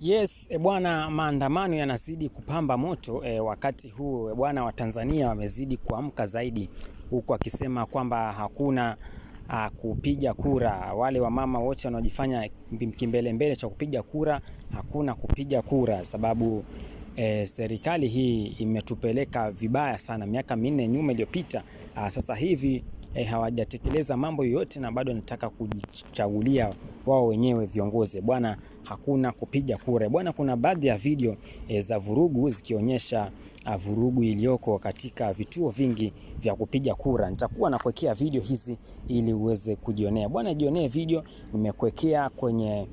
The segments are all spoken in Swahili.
Yes, e bwana, maandamano yanazidi kupamba moto e, wakati huu e bwana, Watanzania wamezidi kuamka zaidi, huku akisema kwamba hakuna a, kupiga kura. Wale wamama wote wanaojifanya kimbelembele cha kupiga kura, hakuna kupiga kura sababu E, serikali hii imetupeleka vibaya sana miaka minne nyuma iliyopita. Sasa hivi e, hawajatekeleza mambo yoyote na bado wanataka kujichagulia wao wenyewe viongozi bwana hakuna kupiga kura bwana. Kuna baadhi ya video e, za vurugu zikionyesha vurugu iliyoko katika vituo vingi vya kupiga kura. Nitakuwa nakuwekea video hizi ili uweze kujionea bwana, jionee video nimekuwekea kwenye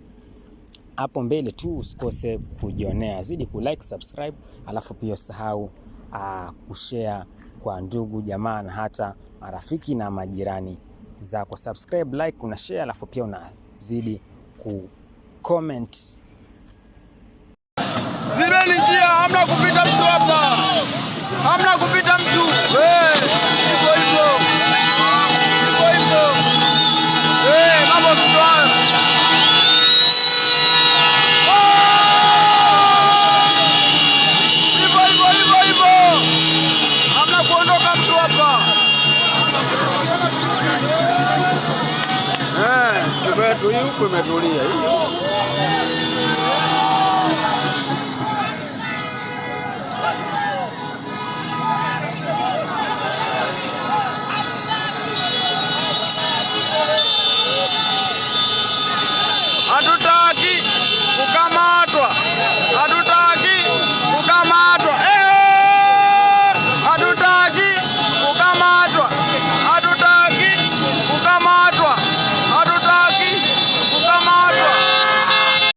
hapo mbele tu, usikose kujionea. Zidi ku like subscribe, alafu pia usahau kushare kwa ndugu jamaa na hata marafiki na majirani zako. Subscribe, like, una share, alafu pia unazidi ku comment huku imetulia ici.